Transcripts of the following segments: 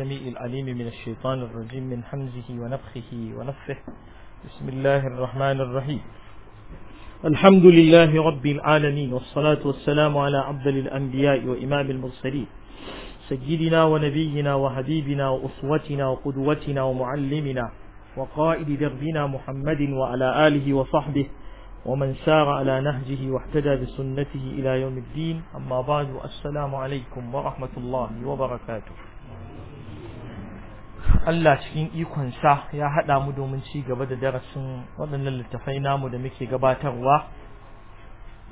السميع العليم من الشيطان الرجيم من حمزه ونفخه ونفه بسم الله الرحمن الرحيم الحمد لله رب العالمين والصلاة والسلام على عبد الأنبياء وإمام المرسلين سيدنا ونبينا وحبيبنا وأسوتنا وقدوتنا ومعلمنا وقائد دربنا محمد وعلى آله وصحبه ومن سار على نهجه واحتدى بسنته إلى يوم الدين أما بعد السلام عليكم ورحمة الله وبركاته Allah cikin ikonsa ya haɗa mu domin ci gaba da darasin waɗannan littafai namu da muke gabatarwa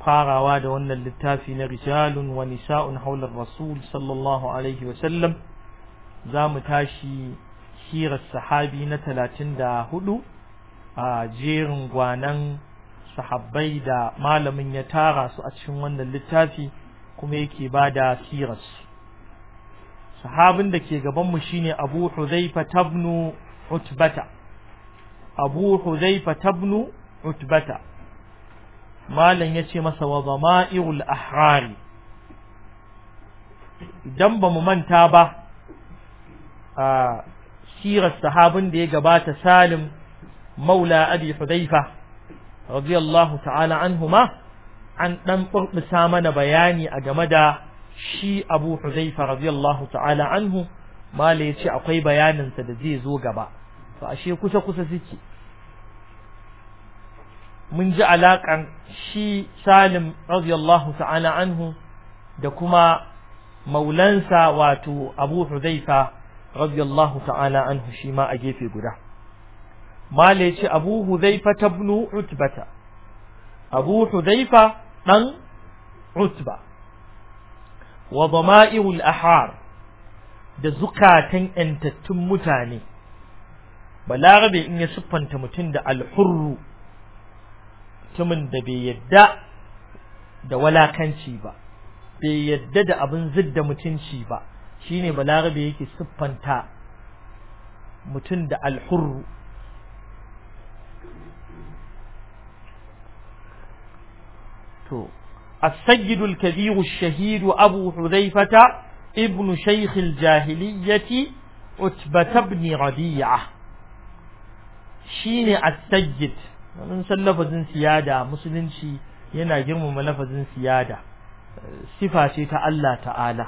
farawa da wannan littafi na rijalun wa nisa'un haular rasul sallallahu alaihi wa sallam za mu tashi hirar sahabi na talatin da hudu a jerin gwanan sahabbai da malamin ya tara su a cikin wannan littafi kuma yake ba da sirarsu sahabin da ke gaban mu shine abu huzaifa tabnu utbata abu huzaifa tabnu utbata malam ya ce masa wa zama'irul ahrari idan ba mu manta ba a sirar sahabin da ya gabata salim maula abi hudaifa radiyallahu ta'ala anhuma an dan burbisa mana bayani a game da shi abu huzaifa radiyallahu ta'ala anhu mala ya ce akwai bayaninsa da zai zo gaba to ashe kusa kusa suke mun ji alaƙan shi salim radiyallahu ta'ala anhu da kuma maulansa wato abu huzaifa radiyallahu ta'ala anhu shi ma a gefe guda mala ya abu huzaifa tabnu utbata abu huzaifa dan utba wa dama'irul ahar da zukatan yantattun mutane balarabe in ya siffanta mutum da alhurru mutumin da bai yadda da walakanci ba bai yadda da abin zidda mutunci ba shine balarabe yake siffanta mutum da alhurru to السيد الكبير الشهيد أبو حذيفة ابن شيخ الجاهلية عتبة بن ربيعة شين السيد من لفظ سيادة مسلم شي ينا جرم لفظ سيادة صفة شيء تعالى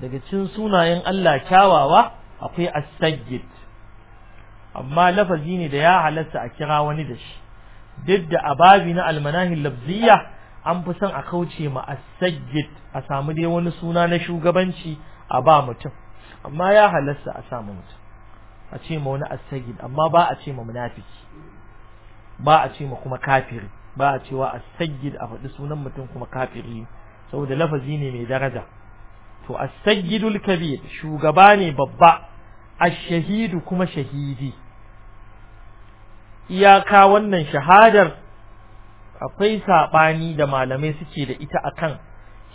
daga cikin sunayen Allah kyawawa akwai as-sajjid amma lafazi ne da ya halatta a kira wani da shi duk da ababi na almanahil lafziyya an fi son a kauce ma a sajjid a samu dai wani suna na shugabanci a ba mutum amma ya halasta a samu mutum a ce ma wani a amma ba a ce ma munafiki ba a ce ma kuma kafiri ba a cewa a sajjid a faɗi sunan mutum kuma kafiri saboda lafazi ne mai daraja to a sajjidul kabir shugaba ne babba a shahidu kuma shahidi iyaka wannan shahadar akwai saɓani da malamai suke da ita akan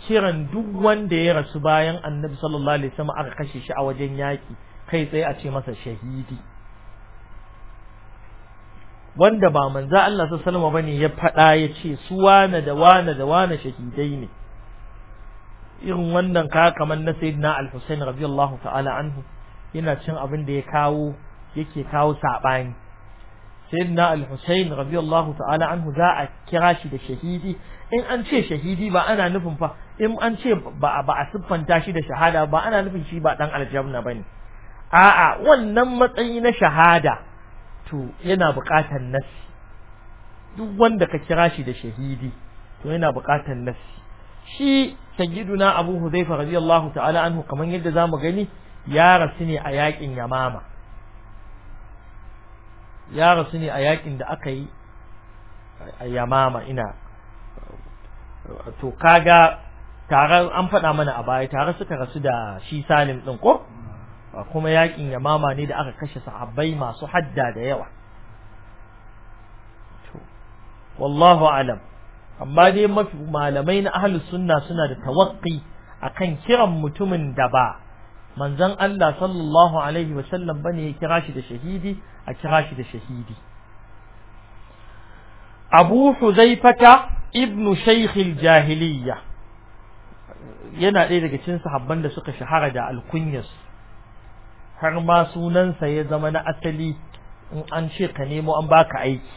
kiran duk wanda ya rasu bayan annabi sallallahu alaihi wasallam aka kashe shi a wajen yaki kai tsaye a ce masa shahidi wanda ba manzo Allah sallallahu alaihi wasallam bane ya faɗa ya ce su wane da wane da wane shahidai ne irin wannan ka kamar na sayyidina al-Husayn radiyallahu ta'ala anhu yana cin abin da ya kawo yake kawo saɓani sayyidina al-husayn radiyallahu ta'ala anhu za a kira shi da shahidi in an ce shahidi ba ana nufin fa in an ce ba ba a siffanta shi da shahada ba ana nufin shi ba dan aljanna bane a'a wannan matsayi na shahada to yana buƙatar nasi duk wanda ka kira shi da shahidi to yana buƙatar nasi shi sayyiduna abu huzaifa radiyallahu ta'ala anhu kaman yadda zamu gani ya rasu ne a yakin yamama ya rasu ne a yakin da aka yi a yamama ina to kaga tare an faɗa mana a baya tare suka rasu da shi salim ɗin ko kuma yakin yamama ne da aka kashe sahabbai masu hadda da yawa wallahu alam amma dai mafi malamai na ahlus sunna suna da tawaqqi akan kiran mutumin da ba manzon Allah sallallahu alaihi wasallam bane ya kira shi da shahidi a kira shi da shahidi Abu Huzaifata ibn Shaykh Jahiliya yana ɗaya daga cikin sahabban da suka shahara da alkunyas har ma sunansa ya zama na asali in an ce ka nemo an baka aiki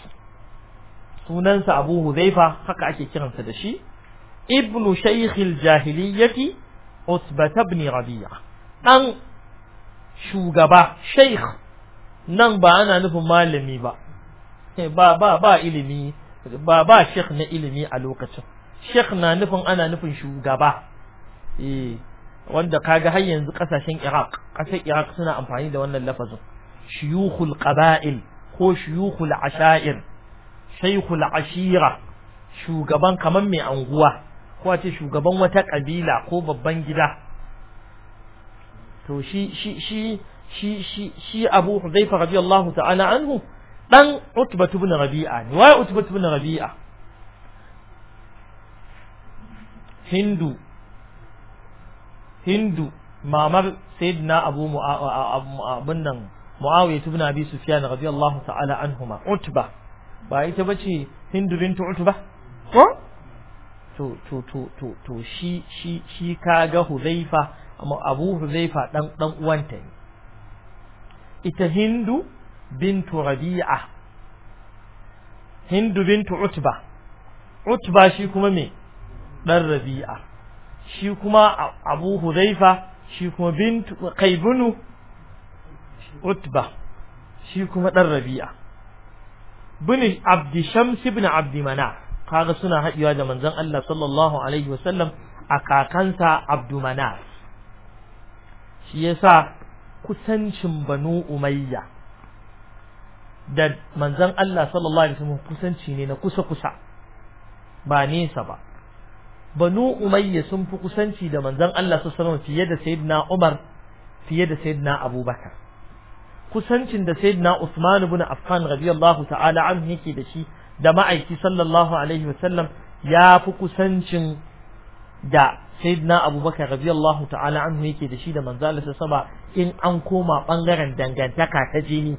sunansa Abu Huzaifa haka ake kiransa da shi ibn Shaykh al-Jahiliyyati Usbata ibn Rabi'a ɗan shugaba sheikh nan ba ana nufin malami ba ba ba ba ilimi ba ba sheikh na ilimi a lokacin sheikh na nufin ana nufin shugaba eh wanda kaga har yanzu kasashen Iraq kasar Iraq suna amfani da wannan lafazin shuyukhul qaba'il ko shuyukhul ashair shaykhul ashira shugaban kaman mai anguwa ko a ce shugaban wata ƙabila ko babban gida to shi shi shi shi shi shi Abu Huzaifa radiyallahu ta'ala anhu dan Utbah ibn Rabi'a ne wai Utbah ibn Rabi'a Hindu Hindu mamar sayyidina Abu abun nan Muawiya ibn Abi Sufyan radiyallahu ta'ala anhuma Utbah ba ita bace Hindu bintu Utbah ko to to to to to shi shi shi kaga Huzaifa amma Abu Huzaifa dan dan uwanta ne ita Hindu bintu Rabi'a Hindu bintu Utba Utba shi kuma me dan Rabi'a shi kuma Abu Huzaifa shi kuma bintu Qaybunu Utba shi kuma dan Rabi'a bin Abdi ibn Abdi kaga suna haɗewa da manzon Allah sallallahu alaihi wasallam a kakansa Abdumanaf shi yasa kusancin Banu Umayya da manzon Allah sallallahu alaihi wasallam kusanci ne na kusa kusa ba nesa ba Banu Umayya sun fi kusanci da manzon Allah sallallahu alaihi wasallam fiye da Sayyidina Umar fiye da Sayyidina Abubakar kusancin da Sayyidina Usman ibn Affan radiyallahu ta'ala anhu yake da shi da ma'aiki sallallahu alaihi wasallam ya fi kusancin da sayyidina abubakar radiyallahu ta'ala anhu yake da shi da manzala sa saba in an koma bangaren dangantaka ta jini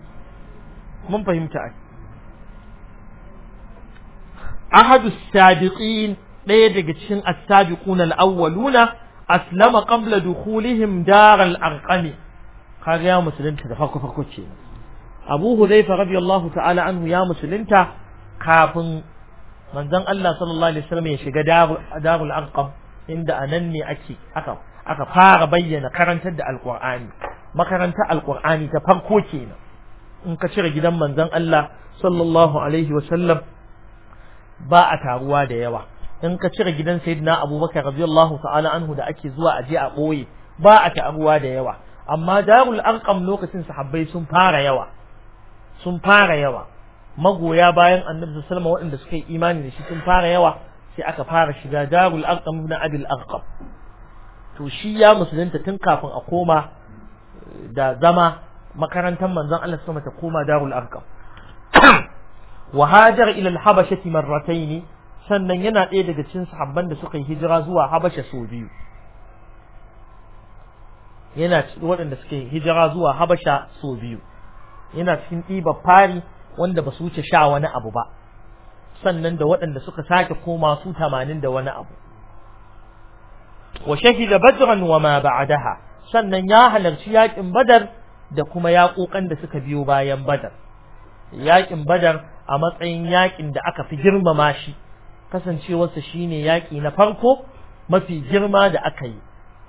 mun fahimta ai ahadu sabiqin ɗaya daga cikin as-sabiquna al-awwaluna aslama qabla dukhulihim dar al-arqam kaga ya musulunta da farko farko ce Abu Hudayfa radiyallahu ta'ala anhu ya musulunta kafin manzon Allah sallallahu alaihi wasallam ya shiga darul arqam inda anan ne ake aka aka fara bayyana karantar da alqur'ani makarantar alqur'ani ta farko kenan in ka cire gidan manzon Allah sallallahu alaihi wasallam ba a taruwa da yawa in ka cire gidan sayyidina abubakar radiyallahu ta'ala anhu da ake zuwa aje a boye ba a taruwa da yawa amma darul arqam lokacin sahabbai sun fara yawa sun fara yawa magoya bayan annabi sallallahu waɗanda suka yi imani da shi sun fara yawa sai aka fara shiga darul arqam ibn abil arqam to shi ya musulunta tun kafin a koma eh, da zama makarantar manzon Allah sama ta koma darul arqam wa hajar ila al-habashati marratayn sannan yana ɗaya daga cikin sahabban da suka yi hijira zuwa habasha sau biyu yana waɗanda suka yi hijira zuwa habasha sau biyu yana cikin ɗibar fari wanda ba su wuce sha wani abu ba sannan da waɗanda suka sake koma su tamanin da wani abu wa shahida badran wa ma ba'daha sannan ya halarci yakin badar da kuma yaƙoƙan da suka biyo bayan badar yakin badar a matsayin yakin da aka fi girmama shi kasancewarsa shine yaki na farko mafi girma da aka yi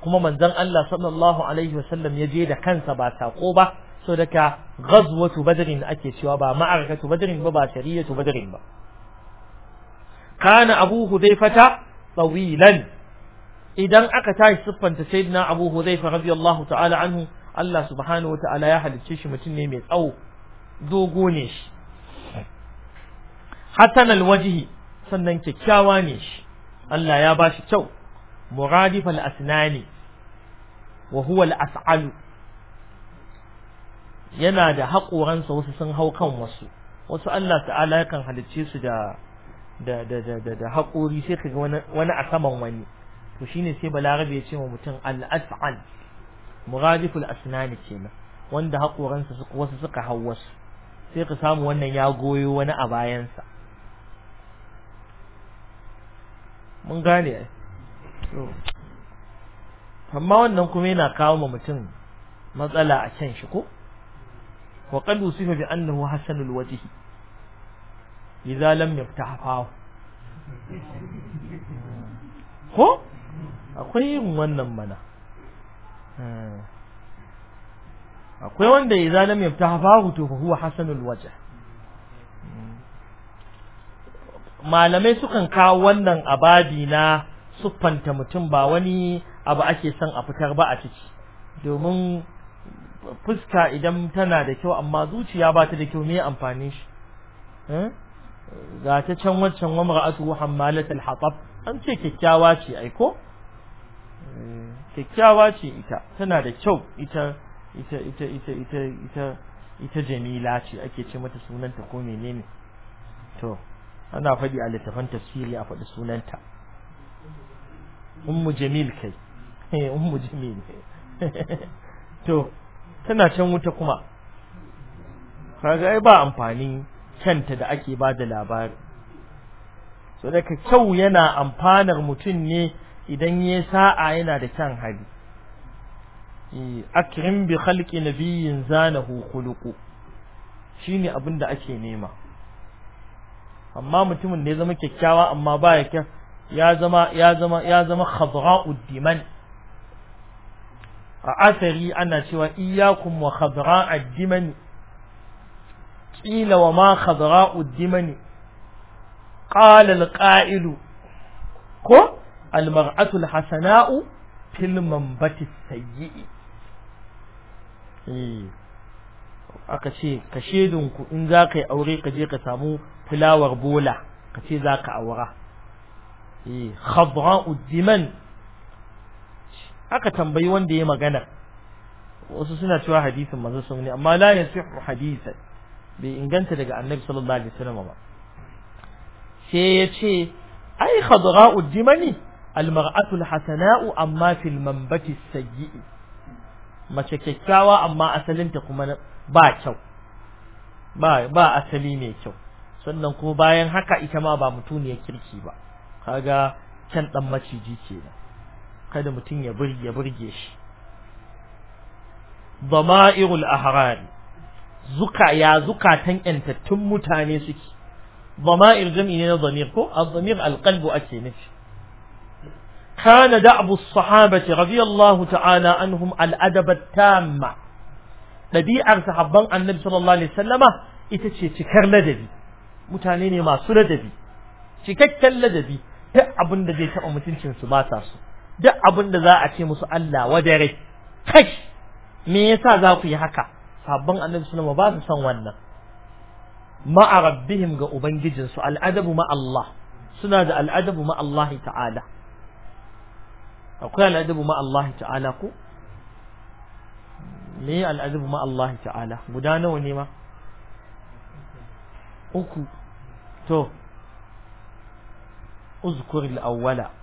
kuma manzon Allah sallallahu alaihi wasallam ya je da kansa ba saƙo ba so daga ghazwatu badrin ake cewa ba ma'arakatu badrin ba ba shariyatu badrin ba kana abu hudhaifata tawilan idan aka tashi siffanta sayyidina abu hudhaifa radiyallahu ta'ala anhu Allah subhanahu wata'ala ya halicce shi mutum ne mai tsawo dogo ne shi Hassanal wajihi sannan kyakkyawa ne shi Allah ya bashi kyau muradifal asnani wa huwa al as'alu yana da haƙoransa wasu sun hau kan wasu wasu Allah ta'ala kan halicce su da da da da da haƙori sai kaga wani wani a saman wani to shine sai balarabe ya ce wa mutum al-as'al muradiful asnani kenan wanda haƙoransa wasu suka hau wasu sai ka samu wannan ya goyo wani a bayansa mun gane amma wannan kuma yana kawo ma mutum matsala a can shi ko وقد وصف بأنه حسن الوجه إذا لم يفتح فاه ko akwai wannan mana eh. akwai wanda idza lam yaftaha fahu to huwa hasanul wajh malamai sukan kawo wannan abadi na suffanta mutum ba wani abu ake son a fitar ba a ciki domin fuska idan tana da kyau amma zuciya ba ta da kyau me amfani shi eh? ga ta can waccan wa mar'atu hammalatul hatab an ce kyakkyawa ce ai ko eh, kyakkyawa ce ita tana da kyau ita ita ita ita ita ita ita jamila ce ake ce mata sunanta ko menene to ana faɗi a littafan tafsiri a faɗi sunanta ummu jamil kai ummu jamil to tana can wuta kuma kaga ai ba amfani kyanta da ake ba da labari so daga kyau yana amfanar mutum ne idan ya sa'a yana da kyan hari. Eh, akrim bi khalqi nabiyyin zanahu khuluqu shine abin da ake nema amma mutumin da ya zama kyakkyawa amma ba ya ya zama ya zama ya zama diman a asari ana cewa iyakun wa khadra'ad dimani qila wa ma khadra'ud addimani. qala al ko al-mar'atu al-hasana'u fil manbati sayyi eh. aka ce ka shedinku in za ka yi aure ka je ka samu fulawar bola ka ce za ka aura eh. khadra'ud dimani Haka tambayi wanda ya magana wasu suna cewa hadisin manzo sun ne amma la yasihu hadisan bi inganta daga annabi sallallahu alaihi wasallam ba sai ya ce ai khadra'u dimani almar'atu alhasana'u amma fil manbati sayyi'i mace kyakkyawa amma asalinta kuma ba kyau ba ba asali mai kyau sannan kuma bayan haka ita ma ba mutuniyar kirki ba kaga can dan maciji kenan kada mutum ya burge burge shi dama'irul ahrari zuka ya zukatan yantattun mutane suke dama'ir jam'i ne na damir ko a damir al ake nufi kana da'bu as-sahabati radiyallahu ta'ala anhum al tamma dabi'ar sahabban annabi sallallahu alaihi wasallama ita ce cikar ladabi mutane ne masu ladabi cikakken ladabi ta abin da zai taɓa mutuncinsu ba sa su duk abin da za a ce musu Allah waje rai. kai me yasa za ku yi haka sabon annabi suna ba su san wannan ma'a rabbihim ga ubangijinsu al'adabu ma Allah suna da al'adabu ma Allah ta'ala akwai al'adabu ma Allah ta'ala ko me al'adabu ma Allah ta'ala guda nawa ne ma uku to uzkur al-awwala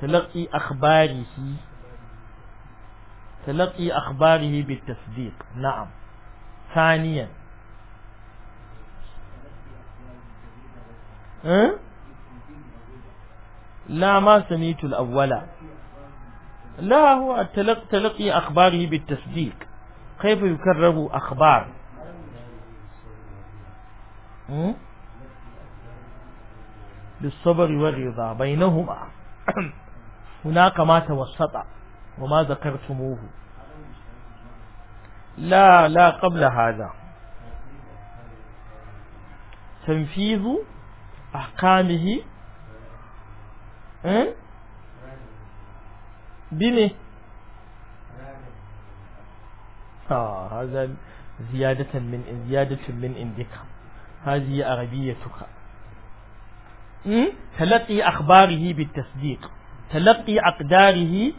تلقي أخباره تلقي أخباره بالتصديق نعم ثانيا أه؟ لا ما سميت الأولى لا هو تلقي أخباره بالتصديق كيف يكرر أخبار بالصبر والرضا بينهما هناك ما توسط وما ذكرتموه لا لا قبل هذا تنفيذ أحكامه إيه؟ بني آه هذا زيادة من زيادة من عندك هذه عربيتك إيه؟ تلقي أخباره بالتصديق تلقي أقداره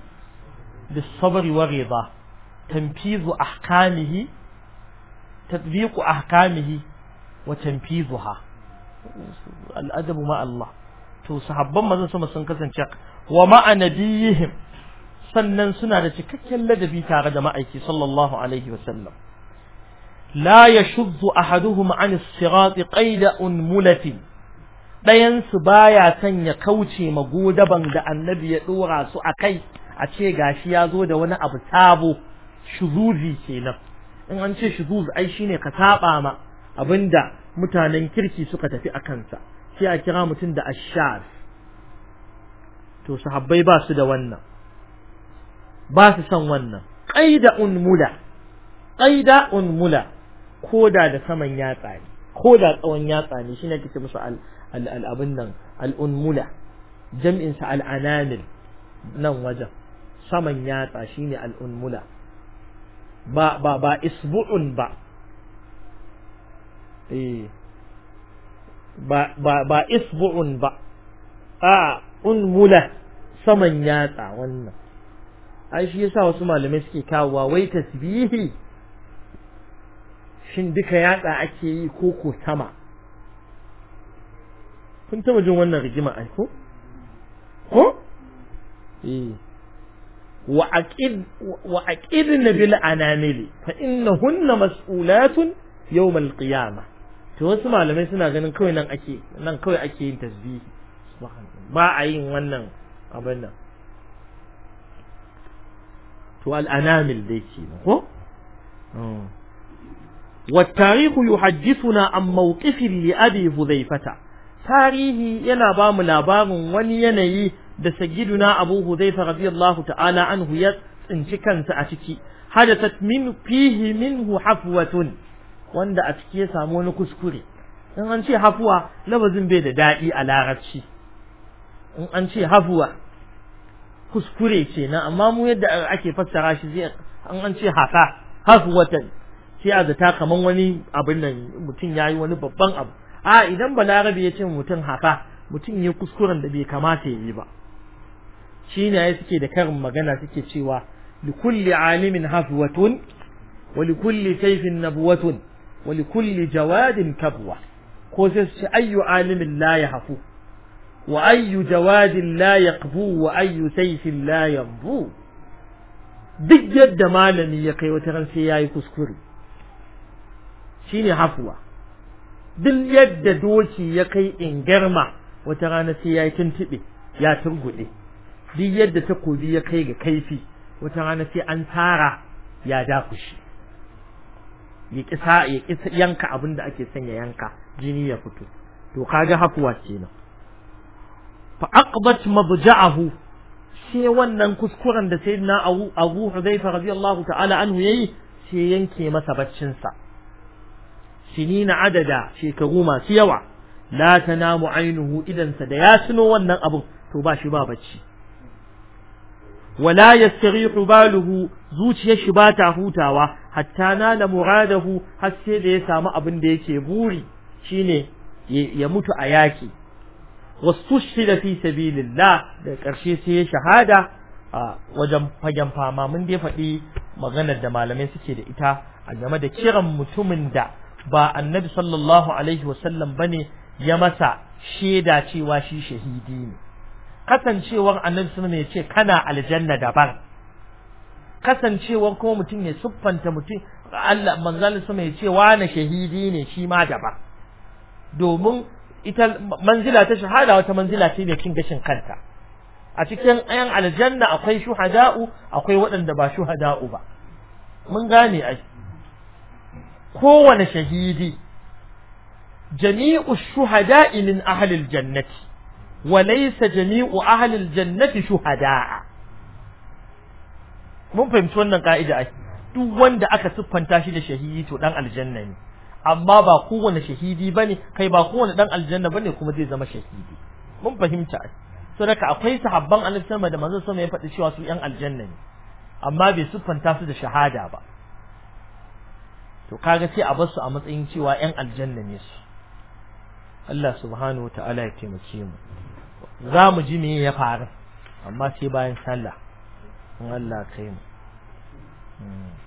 بالصبر والرضا تنفيذ أحكامه تطبيق أحكامه وتنفيذها الأدب مع الله to sahabban mazan sama sun kasance wa ma'a sannan suna da cikakken ladabi tare da ma'aiki sallallahu alaihi wa sallam la yashuddu ahaduhum an as-sirat qayda unmulatin ɗayansu ba ya son ya kauce ma godaban da annabi ya ɗora su a kai a ce gashi ya zo da wani abu sabo shuzuzi kenan in an ce shuzuzi ai shine ka saba ma abinda mutanen kirki suka tafi a kansa sai a kira mutum da ashar to sahabbai ba su da wannan ba su son wannan qaida unmula qaida unmula koda da saman yatsa ne ko da tsawon yatsa ne shine kike musu al al abin nan al unmula jam'in sa al ananil nan wajen saman yatsa shine al unmula ba ba ba isbu'un ba eh ba ba ba isbu'un ba a unmula saman yatsa wannan ai shi yasa wasu malamai suke kawo wai tasbihi shin duka yatsa ake yi ko ko sama kun taba jin wannan rigima ai ko ko eh wa aqid wa aqid bil fa innahunna mas'ulatun yawm al qiyamah to wasu malamai suna ganin kawai nan ake nan kawai ake yin tasbihi ba a yin wannan abin nan to al anamil dai kenan ko hmm. والتاريخ يحدثنا عن موقف لأبي هذيفة tarihi yana ba mu labarin wani yanayi da sayyiduna Abu Hudhaifa radiyallahu ta'ala anhu ya tsinci kansa a ciki hadathat min fihi minhu hafwatun wanda a ciki ya samu wani kuskure in an ce hafuwa labazin bai da dadi a larabci in an ce hafuwa kuskure ce na amma mu yadda ake fassara shi zai an an ce hafa hafwatan sai a zata kaman wani abin nan mutum yayi wani babban abu a idan balarabi ya ce mutum haka mutum ya kuskuren da bai kamata ya yi ba shine ya suke da karin magana suke cewa likulli alimin hafwatun wa likulli sayfin nabwatun wa jawadin kabwa ko sai su ce ayyu alimin la yahfu wa ayyu jawadin la yaqbu wa ayyu sayfin la yanbu duk yadda malami ya kai wata ran sai yayi kuskure shi ne hafuwa duk yadda doki ya kai in ingarma wata rana sai ya yi tuntube ya turgude duk yadda takobi ya kai ga kaifi wata rana sai an tara ya dakushi ya kisa ya kisa yanka abin da ake son ya yanka jini ya fito to kaga hafuwa kenan fa aqbat mabja'ahu sai wannan kuskuren da sayyidina Abu Abu Hudayfa radiyallahu ta'ala anhu yayi sai yanke masa baccinsa. sinina adada shekaru masu yawa la tanamu ainuhu idansa da ya suno wannan abun to ba shi ba bacci wala yastarihu baluhu zuciyar shi bata hutawa hatta nala muradahu har sai da ya samu abin da yake buri shine ya mutu a yaki wastushhida fi sabilillah da karshe sai ya shahada a wajen fagen fama mun dai faɗi maganar da malamai suke da ita a game da kiran mutumin da ba annabi sallallahu alaihi wasallam bane ya masa shaida cewa shi shahidi ne kasancewar annabi sallallahu ya ce kana aljanna daban kasancewar kuma mutum ya siffanta mutum Allah manzalin sama ya ce wani shahidi ne shi ma daban domin ita manzila ta shahada wata manzila ce mai cin gashin kanta a cikin ayan aljanna akwai shuhada'u akwai waɗanda ba shuhada'u ba mun gane ai kowane shahidi jami'u shuhada'i min ahli jannati, wa laysa jami'u ahli jannati shuhada'a mun fahimci wannan ka'ida ai duk wanda aka siffanta shi da shahidi to dan aljanna ne amma ba kowane shahidi bane kai ba kowane dan aljanna bane kuma zai zama shahidi mun fahimta ai saboda akwai sahabban annabi sallallahu alaihi wasallam da manzon sallallahu ya faɗi cewa su yan aljanna ne amma bai siffanta su da shahada ba to kaga sai a bar su a matsayin cewa yan aljanna ne su Allah subhanahu wa ta'ala ya taimake mu za mu ji me ya faru amma sai bayan sallah in Allah kai mu hmm.